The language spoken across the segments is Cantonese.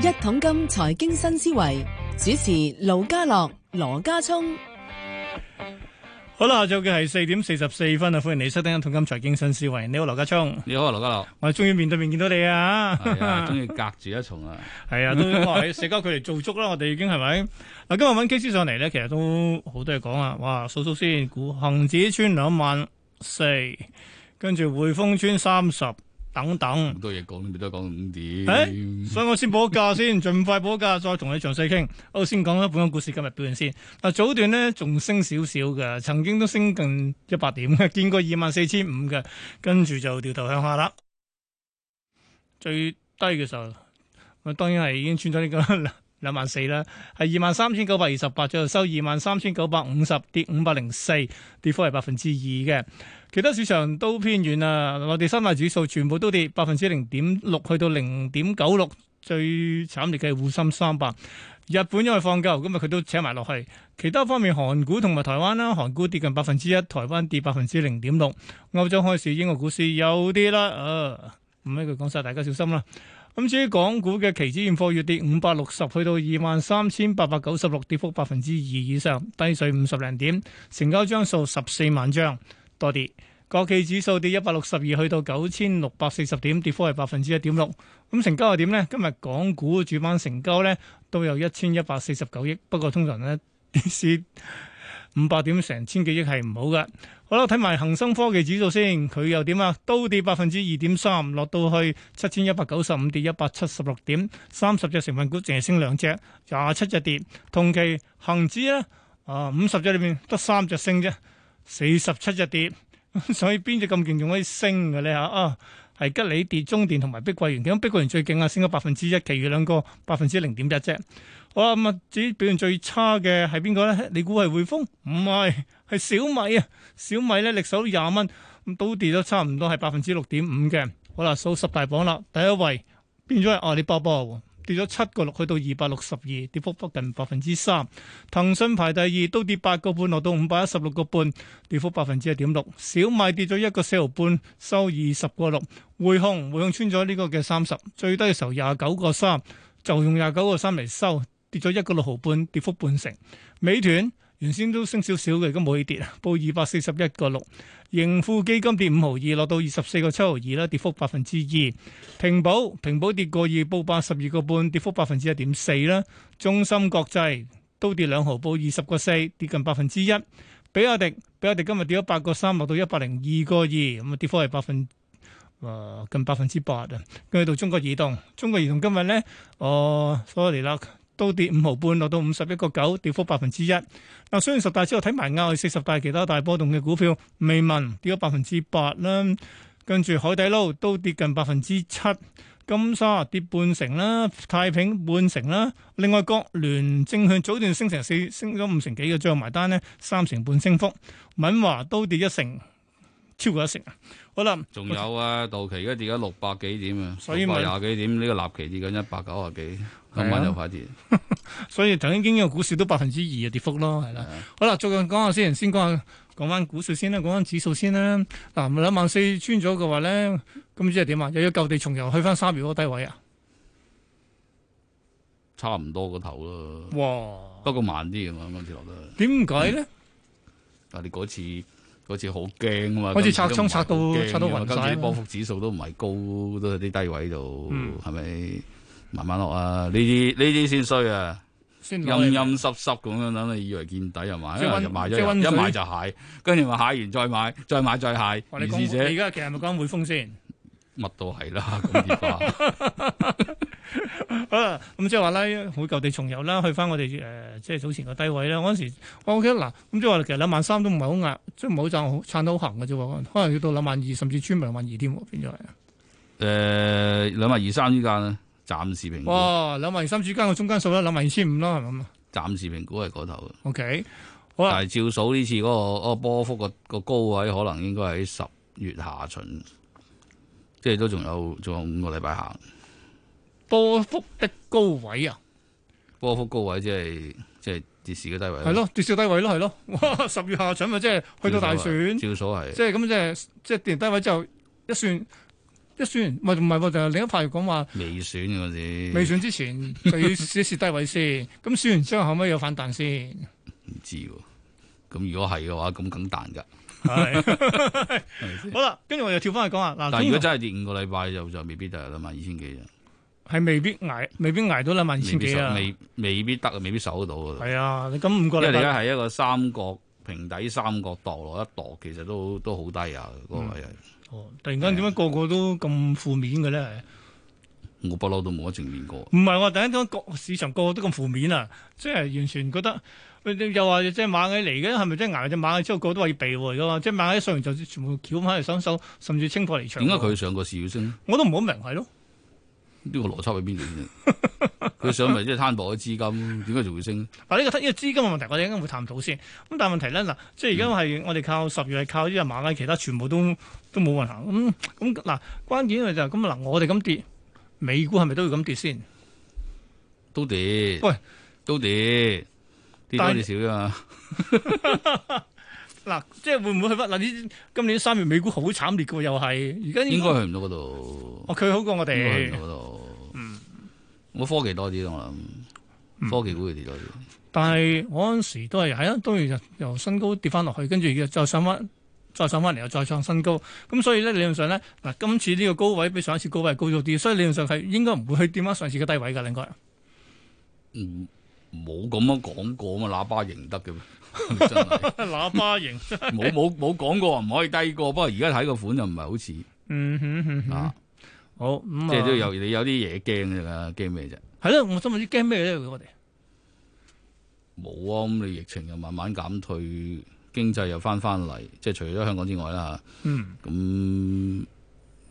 一桶金財經新思維主持盧家樂羅家聰，好啦，下晝嘅係四點四十四分啊！歡迎你收聽一桶金財經新思維。你好，羅家聰。你好，羅家樂。我終於面對面見到你 啊！係啊，中意隔住一重啊。係 啊，都我哋社交距離做足啦。我哋已經係咪？嗱， 今日揾 K 綫上嚟咧，其實都好多嘢講啊！哇，數數先，股恒指穿兩萬四，跟住滙豐穿三十。等等，多嘢講，都未講五點。所以我先補個價先，盡 快補個價，再同你詳細傾。我先講翻本港股市今日表現先。嗱，早段呢仲升少少嘅，曾經都升近一百點，見過二萬四千五嘅，跟住就掉頭向下啦。最低嘅時候，我當然係已經穿咗呢個了。兩萬四啦，係二萬三千九百二十八，最後收二萬三千九百五十，跌五百零四，跌幅係百分之二嘅。其他市場都偏軟啦，內地三大指數全部都跌，百分之零點六去到零點九六，最慘烈嘅滬深三百。日本因為放假，今日佢都扯埋落去。其他方面，韓股同埋台灣啦，韓股跌近百分之一，台灣跌百分之零點六。歐洲開市，英國股市有啲啦，啊、呃，唔，一句講晒，大家小心啦。咁至於港股嘅期指現貨，月跌五百六十，去到二萬三千八百九十六，跌幅百分之二以上，低水五十零點，成交張數十四萬張多跌。國企指數跌一百六十二，去到九千六百四十點，跌幅係百分之一點六。咁成交係點呢？今日港股主板成交呢，都有一千一百四十九億，不過通常呢，跌五百點成千幾億係唔好嘅。好啦，睇埋恒生科技指數先，佢又點啊？都跌百分之二點三，落到去七千一百九十五，跌一百七十六點，三十隻成分股淨係升兩隻，廿七隻跌。同期恒指咧，啊五十隻裏面得三隻升啫，四十七隻跌，所以邊隻咁勁仲可以升嘅咧吓啊？係吉利跌、中電同埋碧桂園，咁碧桂園最勁啊，升咗百分之一，其餘兩個百分之零點一啫。好啦咁啊，至於表現最差嘅係邊個咧？你估係匯豐？唔係，係小米啊！小米咧，力守廿蚊，咁都跌咗差唔多係百分之六點五嘅。好啦，數十大榜啦，第一位變咗係阿里巴巴。跌咗七個六，去到二百六十二，跌幅接近百分之三。騰訊排第二，都跌八個半，落到五百一十六個半，跌幅百分之一點六。小米跌咗一個四毫半，收二十個六。匯控，匯控穿咗呢個嘅三十，最低嘅時候廿九個三，就用廿九個三嚟收，跌咗一個六毫半，跌幅半成。美團原先都升少少嘅，而家冇起跌啊，報二百四十一個六。盈富基金跌五毫二，落到二十四個七毫二啦，跌幅百分之二。平保平保跌個二，報八十二個半，跌幅百分之一點四啦。中芯國際都跌兩毫，報二十個四，跌近百分之一。比亞迪比亞迪今日跌咗八個三，落到一百零二個二，咁啊跌幅係百分、誒近百分之八啊。跟住到中國移動，中國移動今日咧，我、哦、sorry 啦。都跌五毫半，落到五十一個九，跌幅百分之一。但雖然十大之後睇埋亞，四十大其他大波動嘅股票，未問跌咗百分之八啦，跟住海底撈都跌近百分之七，金沙跌半成啦，太平半成啦。另外國聯正向早段升成四，升咗五成幾嘅最後埋單呢，三成半升幅，敏華都跌一成。超過一成啊！好啦，仲有啊，到期而家跌緊六百幾點啊？六百廿幾點？呢、這個立期跌緊一百九啊幾？今晚就快跌。啊、 所以頭先，今日股市都百分之二嘅跌幅咯，係啦、啊啊。好啦，最近講下先，先講下講翻股市先啦，講翻指數先啦。嗱，兩萬四穿咗嘅話咧，咁即係點啊？又要舊地重遊，去翻三月嗰個低位啊？差唔多個頭咯。哇！不過慢啲咁嘛，今次落得。點解咧？但、哎、你嗰次。嗰次好驚啊嘛，好似拆窗拆到拆到暈曬，今次波幅指數都唔係高，嗯、都有啲低位度，係、嗯、咪慢慢落、嗯、啊？呢啲呢啲先衰啊！陰陰濕濕咁樣，等你以為見底又買、就是，一買一買就蟹，跟住話蟹完再買，再買再蟹，再蟹你是者。而家其實咪講匯豐先？乜都係啦，啲貨。啊！ 咁即係話咧，會舊地重遊，呃 OK, 啦，去翻我哋誒，即係早前個低位啦。嗰陣時，我覺得嗱，咁即係話，其實兩萬三都唔係好壓，即係冇賺好，撐到好行嘅啫。可能要到兩萬二，甚至穿兩萬二添，變咗係。誒，兩萬二三之間咧，暫時評估。哇，兩萬二三之間嘅中間數咧，兩萬二千五咯，係咪啊？暫時評估係嗰頭嘅。O K，好啦。但係照數呢次嗰，嗰個，嗰個，波幅個，嗰個高位可能應該喺十月下旬，即係都仲有仲有五個禮拜行。波幅的高位啊，波幅高位即係即係跌市嘅低位，係咯，跌市低位咯，係咯。哇！十月下旬咪即係去到大選，照所謂，即係咁即係即係跌完低位之後一算，一算，唔係唔係，就係、是、另一派講話未選嘅先，未選之前 就要先跌低位 先，咁算完之後後尾有反彈先，唔知。咁如果係嘅話，咁梗彈噶。係 好啦，跟住我又跳翻去講下。嗱，但如果真係跌五個禮拜，就就未必就兩萬二千幾嘅。係未必挨，未必挨到兩萬二千幾啊！未必未，未必得，未必守得到。係啊，你咁五個你即係而家係一個三角平底，三角落一度，其實都都好低啊！嗰、那、位、個嗯、哦，突然間點解個個都咁負面嘅咧、嗯？我不嬲都冇得正面過。唔係我突然間市場個個都咁負面啊！即、就、係、是、完全覺得又話即係螞蟻嚟嘅，係咪真係挨隻螞蟻之後個個都話要避禍、啊、嘅嘛？即、就、係、是、螞蟻上完就全部撬翻嚟收收，甚至清貨離場。點解佢上個市要升？我都唔好明係咯。呢、這個邏輯係邊度？佢上咪即係攤薄啲資金，點解就會升呢？呢、這個呢、這個資金嘅問題，我哋應該會探討先。咁但係問題咧，嗱，即係而家係我哋靠十月係靠呢人馬嘅，其他全部都都冇運行。咁咁嗱，關鍵就係咁嗱，我哋咁跌，美股係咪都要咁跌先？都跌，喂，都跌，跌啲少啫嘛。嗱， 即係會唔會去翻嗱？呢今年三月美股好慘烈嘅，又係而家應該去唔到嗰度。哦、啊，佢、啊、好過我哋。去唔到嗰度。我科技多啲咯，我、嗯、諗科技股會跌多啲、嗯。但係我嗰時也都係，係啊，當然就由新高跌翻落去，跟住就上翻，再上翻嚟，又再創新高。咁所以咧，理論上咧，嗱，今次呢個高位比上一次高位高咗啲，所以理論上係應該唔會去跌破上次嘅低位噶，應該。嗯，冇咁樣講過嘛，喇叭型得嘅咩？ 真的 喇叭型，冇冇冇講過話唔可， 可以低過，不過而家睇個款就唔係好似。嗯哼，啊。好，嗯、即係都有、嗯、你有啲嘢驚嘅噶，驚咩啫？係咯，我心問啲驚咩咧？我哋冇啊，咁你疫情又慢慢減退，經濟又翻翻嚟，即係除咗香港之外啦咁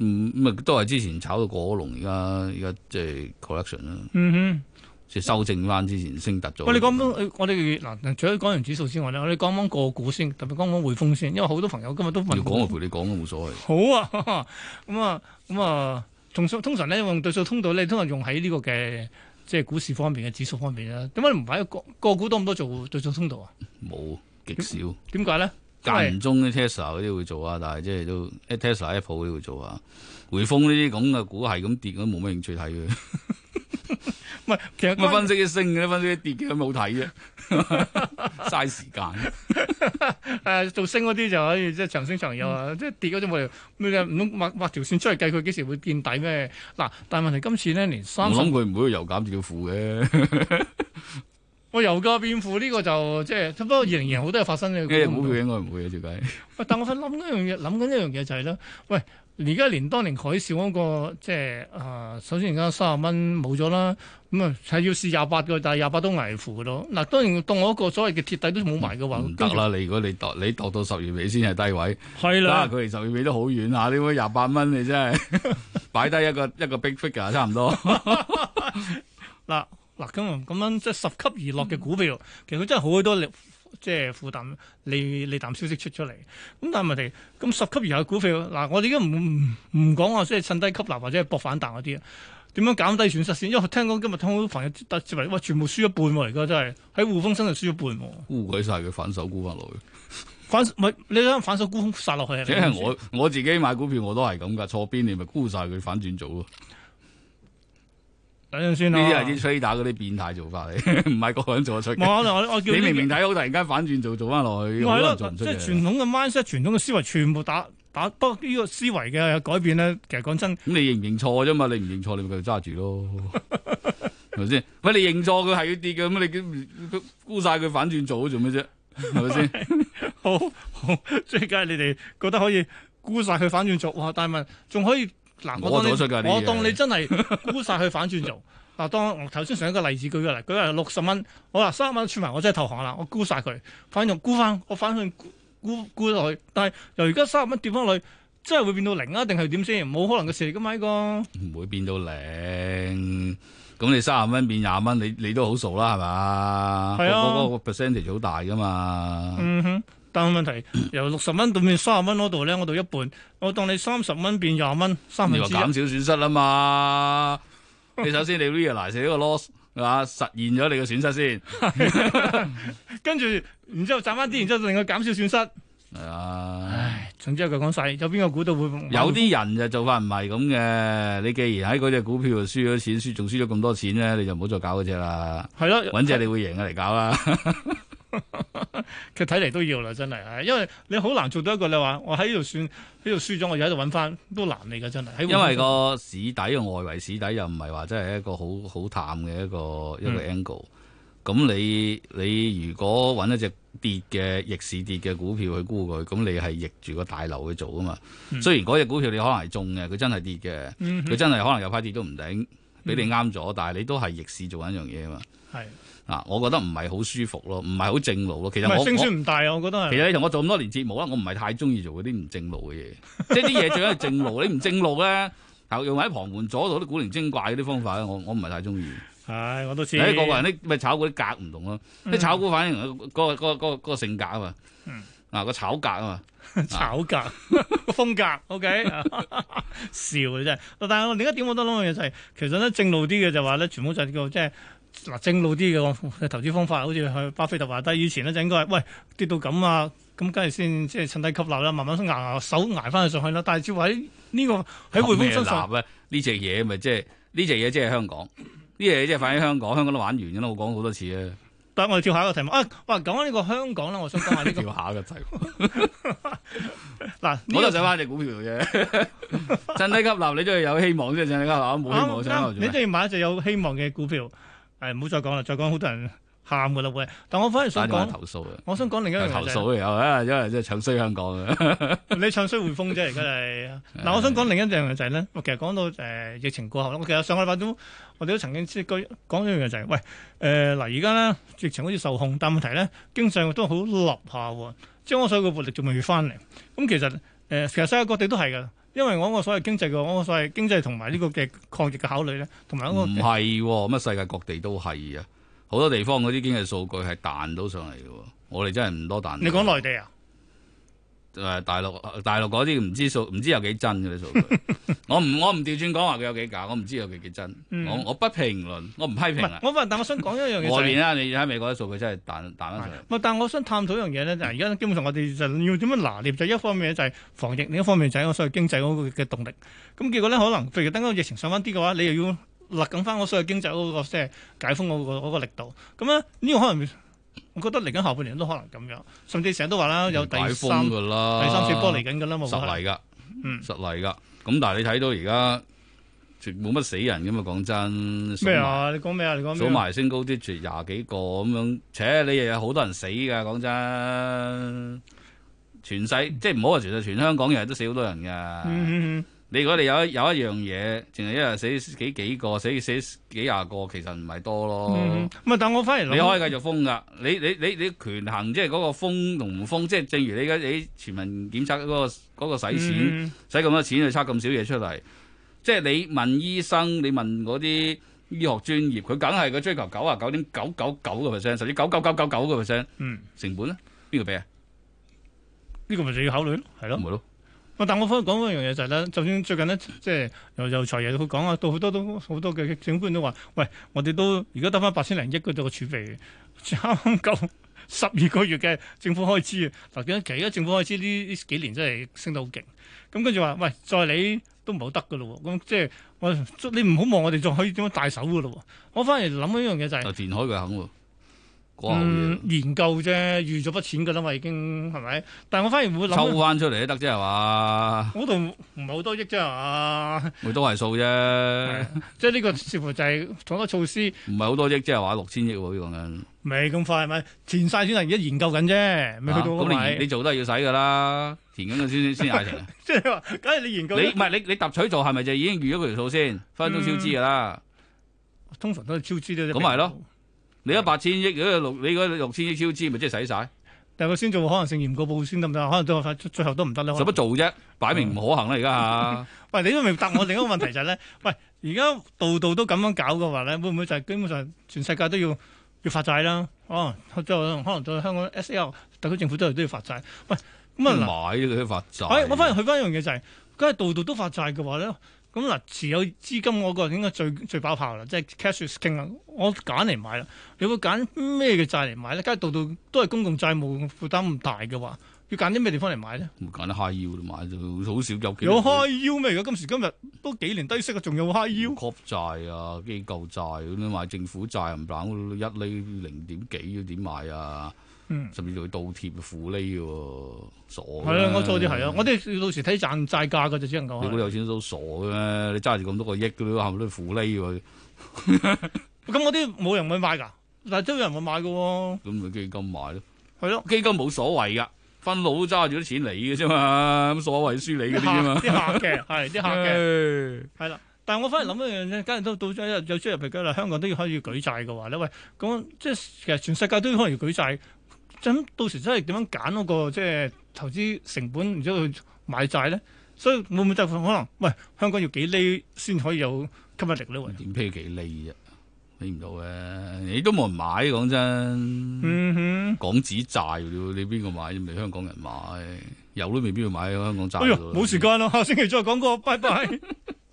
咁啊，都係之前炒到過龍，而家而家即係 collection 啦。嗯哼，即係修正翻之前升達咗、嗯。我哋講翻，我哋嗱，除咗講完指數之外咧，我哋講翻個股先，特別講翻匯豐先，因為好多朋友今日都問要講，我陪你講都冇所謂。好啊，咁、嗯、啊，咁、嗯、啊。通常咧用對數通道咧，都係用喺呢個嘅即係股市方面嘅指數方面啦。點解唔買個個股多咁多做對數通道啊？冇，極少。點解咧？間唔中啲 Tesla 嗰啲會做啊，但係即係都 Tesla、Apple 嗰啲會做啊。匯豐呢啲咁嘅股係咁跌，我冇咩興趣睇嘅。 其實咪分析啲升嘅，分析啲跌嘅都冇睇嘅，嘥 費時間。誒，做升嗰啲就可以，即係長升長有。啊、嗯！即係跌嗰啲冇用，你唔通畫畫條線出嚟計佢幾時會變底咩？嗱、啊，但係問題今次咧連三，30... 我諗佢唔會有油減跌到負嘅。我油價變負呢個就即係，就是、差唔多二零二零好多嘢發生嘅。 不欸、應該唔會嘅，應該唔會嘅，點 解、就是？喂，但我係諗一樣嘢，諗緊一樣嘢就係咧，喂。而家連當年海嘯嗰、那個即係啊、呃，首先而家卅蚊冇咗啦，咁啊係要試廿八嘅，但係廿八都危乎嘅咯。嗱，當然當我一個所謂嘅鐵底都冇埋嘅話，唔得啦！你如果你度你度到十月尾先係低位，係啦，佢離十月尾都好遠嚇，呢位廿八蚊你真係擺低一個一個 big figure 差唔多 嗱嗱咁咁樣即係十級而落嘅股票，嗯、其實佢真係好多力。即、就、係、是、負淡你利淡消息出出嚟，咁但係問題，咁十級以下嘅股票，嗱、啊，我哋而家唔唔唔講話，即係趁低吸納或者係博反彈嗰啲，點樣減低損失先？因為聽講今日聽好多朋友特設為，喂，全部輸一半喎、啊，而家真係喺滙豐身上輸一半喎、啊，沽鬼晒，佢反手沽翻落去，反唔係你睇反手沽空殺落去。即係我你我自己買股票我都係咁噶，錯邊你咪沽晒佢反轉做。呢啲係啲 trader 嗰啲變態做法嚟，唔係個個人做得出。我我我叫、這個、你明明睇好，突然間反轉做，做翻落去，即係、就是、傳統嘅 mindset，傳統嘅思維全部打打。不過呢個思維嘅改變咧，其實講真，咁你認唔認錯啫嘛？你唔認錯，你咪繼續揸住咯，係咪先？喂，你認錯，佢係要跌嘅，咁你估晒佢反轉做，做咩啫？係咪先？好即係梗係你哋覺得可以估晒佢反轉做，但係咪？仲可以。我當我，我當你真係沽晒去反轉做，嗱 當頭先上一個例子舉個例，舉係六十蚊，我嗱三十蚊串埋，我真係投降啦，我沽晒佢，反從沽翻，我反向沽沽落去，但係由而家三十蚊跌翻落去，真係會變到零啊？定係點先？冇可能嘅事嚟噶嘛呢個，唔會變到零，咁你三十蚊變廿蚊，你你都好傻啦係嘛？係啊，個 percentage 好大噶嘛。嗯哼。但問題由六十蚊到變卅蚊嗰度咧，我到一半，我當你三十蚊變廿蚊，三分之一。減少損失啊嘛？ 你首先你 realise 咗個 loss 哇，實現咗你嘅損失先， 跟住然之後賺翻啲，然之後，然後令佢減少損失。係啊，唉，總之佢講晒，有邊個估到會？有啲人就做法唔係咁嘅。你既然喺嗰隻股票輸咗錢，輸仲輸咗咁多錢咧，你就唔好再搞嗰隻啦。係咯，揾隻你會贏嘅嚟搞啦。 佢睇嚟都要啦，真係，因為你好難做到一個你話我喺呢度算呢度輸咗，我又喺度搵翻都難嚟噶，真係。因為個市底，個外圍市底又唔係話真係一個好好淡嘅一個一個 angle。咁、嗯、你你如果搵一隻跌嘅逆市跌嘅股票去沽佢，咁你係逆住個大流去做噶嘛、嗯？雖然嗰隻股票你可能係中嘅，佢真係跌嘅，佢、嗯、真係可能有排跌都唔頂。俾你啱咗，但係你都係逆市做緊一樣嘢啊嘛。係啊，我覺得唔係好舒服咯，唔係好正路咯。其實我我勝算唔大啊，我覺得。其實你同我做咁多年節目啊，我唔係太中意做嗰啲唔正路嘅嘢，即係啲嘢最緊係正路。 你唔正路咧，又用喺旁門左道啲古靈精怪嗰啲方法咧，我我唔係太中意。係、哎，我都知。誒，個個人啲咪炒股啲格唔同咯，啲、嗯、炒股反映嗰、嗰個嗰個嗰個性格啊嘛。嗯嗱個炒格啊嘛，炒格個、啊、 風格，OK，笑嘅啫。但係我點解點我得諗嘅嘢就係、是，其實咧正路啲嘅就話咧，全部就係個即係嗱正路啲嘅投資方法，好似去巴菲特話低，但以前咧就應該係喂跌到咁啊，咁跟住先即係趁低吸納啦，慢慢捱捱手捱翻佢上去啦。但係照話呢個喺匯豐身上咧，呢隻嘢咪即係呢隻嘢即係香港，呢隻嘢即係反映香港，香港都玩完咗啦，我講好多次啊。等我哋跳下一個題目啊！哇，講緊呢個香港咧，我想講下呢個 跳下嘅題嗱、 這個，我就想買隻股票嘅， 振興立你都係有希望啫，振興立冇希望，啊、你都要買一隻有希望嘅股票，誒、哎，唔好再講啦，再講好多人。喊嘅啦，喂！但我反而想講，我想講另一樣嘢就係、是，我想講另一樣嘢就係，因為即係唱衰香港啊！你唱衰滙豐啫，而家係嗱， 我想講另一樣嘢就係、是、咧， 其實講到誒疫情過後，我其實上個禮拜都我哋都曾經講呢樣嘢就係、是，喂誒嗱，而家咧疫情好似受控，但問題咧經濟都好落下，將我所有嘅活力仲未翻嚟。咁其實誒、呃，其實世界各地都係噶，因為我個所我個所謂經濟嘅我個所謂經濟同埋呢個嘅抗疫嘅考慮咧，同埋我唔係乜世界各地都係啊。好多地方嗰啲經濟數據係彈到上嚟嘅，我哋真係唔多彈。你講內地啊？誒、就是，大陸，大陸嗰啲唔知數，唔知有幾真嘅啲數據。 我唔，我唔調轉講話佢有幾假，我唔知有幾幾真。嗯、我我不評論，我唔批評我但我想講一樣嘢。外邊啦、啊，你喺美國嗰啲數據真係彈彈翻上嚟。但我想探討一樣嘢咧，就係而家基本上我哋就要點樣拿捏？就是、一方面就係防疫，另一方面就係我所謂經濟嗰個嘅動力。咁結果咧，可能譬如等個疫情上翻啲嘅話，你又要。勒緊翻嗰個經濟嗰個即係解封嗰個力度，咁咧呢個可能我覺得嚟緊下半年都可能咁樣，甚至成日都話啦，有第三、第三次波嚟緊噶啦，實嚟噶，嗯，實嚟噶。咁但係你睇到而家冇乜死人噶嘛？講真咩啊？你講咩啊？你講、啊、數埋升高啲，絕廿幾個咁樣，且你又有好多人死噶，講真，全世即係唔好話全世，全香港日日都死好多人噶。嗯嗯嗯你如果你有一有一樣嘢，淨係一日死幾幾個，死死幾廿個，其實唔係多咯。唔、嗯、係，但我反而你可以繼續封噶。你你你你權衡，即係嗰個封同唔封，即、就、係、是、正如你而家你全民檢測嗰個、那個使錢，使、嗯、咁多錢去測咁少嘢出嚟，即係你問醫生，你問嗰啲醫學專業，佢梗係佢追求九啊九點九九九個 percent，甚至九九九九九個 percent。嗯，成本咧，邊個俾啊？呢個咪就要考慮咯，係咯，唔係咯。但我反而講嗰樣嘢，就係咧，就算最近呢，即係由由財爺佢講啊，到好多都好多嘅政府都話喂，我哋都而家得翻八千零億嗰個儲備，差唔夠十二個月嘅政府開支嗱，而家政府開支呢呢幾年真係升得好勁，咁跟住話喂，再你都唔好得噶咯。咁即係我你唔好望我哋仲可以點樣大手噶咯。我反而諗一樣嘢，就係田海佢肯。嗯、研究啫，預咗筆錢噶啦嘛，已經係咪？但係我反而唔會諗。抽翻出嚟，就是啊，都得啫，係嘛，啊？我度唔係好多億啫，係嘛？佢都係數啫。即係呢個似乎就係好多措施。唔係好多億，即係話六千億喎，啊，呢個咁。未咁快係咪？填晒先，而家研究緊啫，未去到啊嘛。你做都係要使噶啦，填緊佢先先嗌停。即係話，梗係你研究。你唔係你你揼取做係咪就已經預咗佢條數先分，分分超支噶啦。通常都係超支啫。咁咪咯。你而家八千億，如果六你而家六千億超支，咪即係使晒？但係佢先做，可能性唔過半先得唔得？可能做，最最後都唔得啦。使乜做啫？擺明唔可行啦！而家嚇。喂，你都未答我另一個問題就係咧， 喂，而家度度都咁樣搞嘅話咧，會唔會就係基本上全世界都要要發債啦？哦、啊，就可能到香港 SL，特區政府都係都要發債。喂，咁啊嗱，買佢發債，哎。我反而去翻一樣嘢就係、是，梗係度度都發債嘅話咧。咁嗱，持有資金我個應該最最爆炮啦，即係 cash is king 啊，我揀嚟買啦，你會揀咩嘅債嚟買咧？梗係度度都係公共債務負擔唔大嘅話。揀啲咩地方嚟買咧？唔揀啲嗨腰嚟買，好少有。有嗨腰咩？而家今時今日都幾年低息啊？仲有嗨腰？國債啊，機構債咁樣買，政府債唔打一釐零點幾啊，點買啊？嗯，甚至仲要倒貼負釐喎，傻啊！係咯，我錯啲係啊，我啲到時睇賺債價噶，就只能夠。如果有錢都傻噶，你揸住咁多個億，你話係咪都負釐喎？咁嗰啲冇人會買噶，但係都有人會買噶。咁咪啊基金買咯，係咯，基金冇所謂噶。分佬揸住啲錢嚟嘅啫嘛，咁所謂輸你嗰啲啫嘛。啲客嘅，係啲客嘅，係 啦，但係我反而諗一樣嘢，梗係都到咗有出入嚟嘅啦。香港都要開始舉債嘅話咧，喂，咁即係其實全世界都要開始舉債，咁到時真係點樣揀嗰個即係投資成本，然之後去買債咧？所以會唔會就可能喂香港要幾釐先可以有吸引力咧？點譬如幾釐啫、啊？俾唔到嘅，你都冇人買，講真。嗯哼，港紙債，你邊個買？唔係香港人買，有都未必要買香港債。哎呀，冇時間啦，下星期再講過 拜拜。